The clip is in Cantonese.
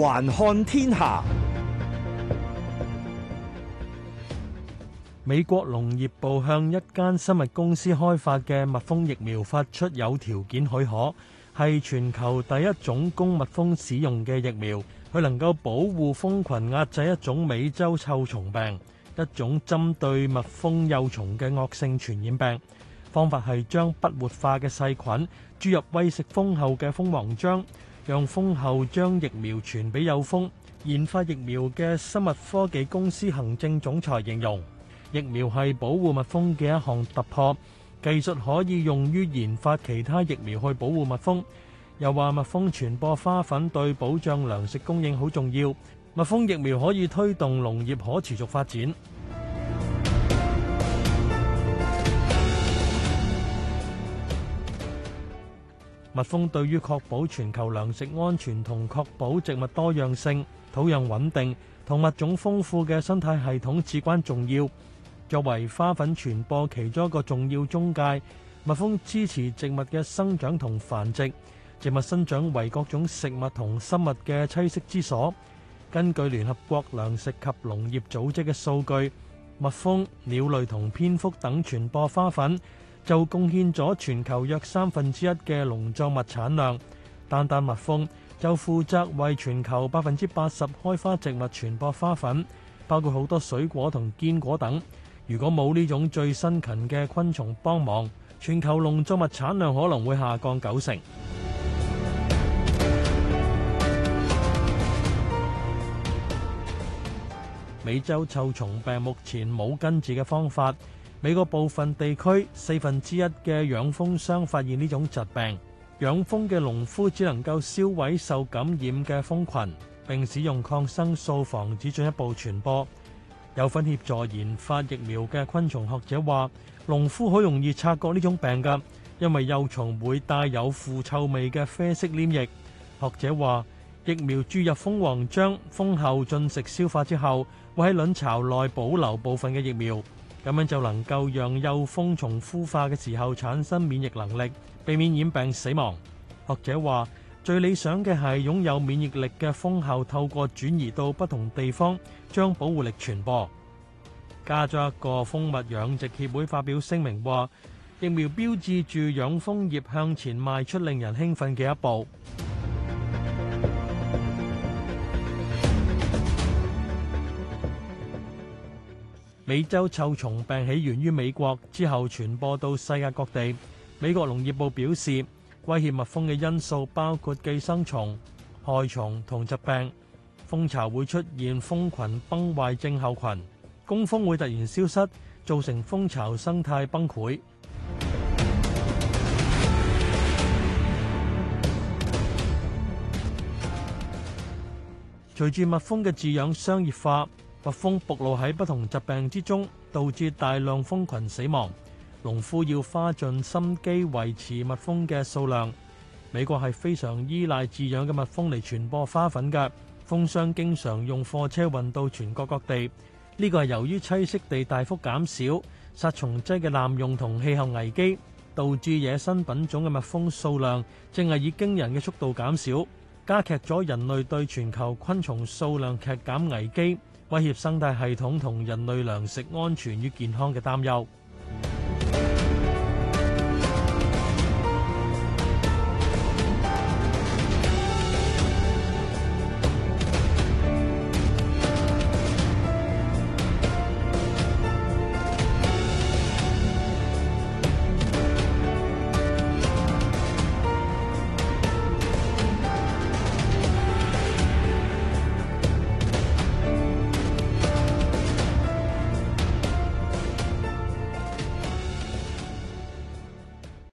環看天下，美國農業部向一間生物公司開發嘅蜜蜂疫苗發出有條件許可，係全球第一種供蜜蜂使用嘅疫苗。佢能夠保護蜂群，壓制一種美洲臭蟲病，一種針對蜜蜂幼蟲嘅惡性傳染病。方法係將不活化嘅細菌注入餵食蜂后嘅蜂王漿。讓蜂后將疫苗傳俾幼蜂，研發疫苗嘅生物科技公司行政總裁形容疫苗係保護蜜蜂嘅一項突破，技術可以用於研發其他疫苗去保護蜜蜂。又話蜜蜂傳播花粉對保障糧食供應好重要，蜜蜂疫苗可以推動農業可持續發展。蜜蜂對於確保全球糧食安全同確保植物多樣性、土壤穩定同物種豐富嘅生態系統至關重要。作為花粉傳播其中一個重要中介，蜜蜂支持植物嘅生長同繁殖。植物生長為各種食物同生物嘅棲息之所。根據聯合國糧食及農業組織嘅數據，蜜蜂、鳥類同蝙蝠等傳播花粉。就貢獻咗全球約三分之一嘅農作物產量，單單蜜蜂就負責為全球百分之八十開花植物傳播花粉，包括好多水果同堅果等。如果冇呢種最辛勤嘅昆蟲幫忙，全球農作物產量可能會下降九成。 美洲臭蟲病目前冇根治嘅方法。美國部分地區四分之一嘅養蜂商發現呢種疾病，養蜂嘅農夫只能夠銷毀受感染嘅蜂群，並使用抗生素防止進一步傳播。有份協助研發疫苗嘅昆蟲學者話，農夫好容易察覺呢種病㗎，因為幼蟲會帶有腐臭味嘅啡色黏液。學者話，疫苗注入蜂王漿，蜂后進食消化之後，會喺卵巢內保留部分嘅疫苗。咁樣就能夠讓幼蜂從孵化嘅時候產生免疫能力，避免染病死亡。學者話，最理想嘅係擁有免疫力嘅蜂后透過轉移到不同地方，將保護力傳播。加州一個蜂蜜養殖協會發表聲明話，疫苗標誌住養蜂業向前邁出令人興奮嘅一步。美洲臭蟲病起源於美國，之後傳播到世界各地。美國農業部表示，威脅蜜蜂嘅因素包括寄生蟲、害蟲同疾病。蜂巢會出現蜂群崩壞症候群，工蜂會突然消失，造成蜂巢生態崩潰。 隨住蜜蜂嘅飼養商業化，蜜蜂暴露喺不同疾病之中，導致大量蜂群死亡。農夫要花盡心機維持蜜蜂嘅數量。美國係非常依賴飼養嘅蜜蜂嚟傳播花粉嘅蜂箱，經常用貨車運到全國各地。呢個係由於棲息地大幅減少、殺蟲劑嘅濫用同氣候危機，導致野生品種嘅蜜蜂數量正係以驚人嘅速度減少，加劇咗人類對全球昆蟲數量劇減危機。威脅生態系統同人類糧食安全與健康嘅擔憂。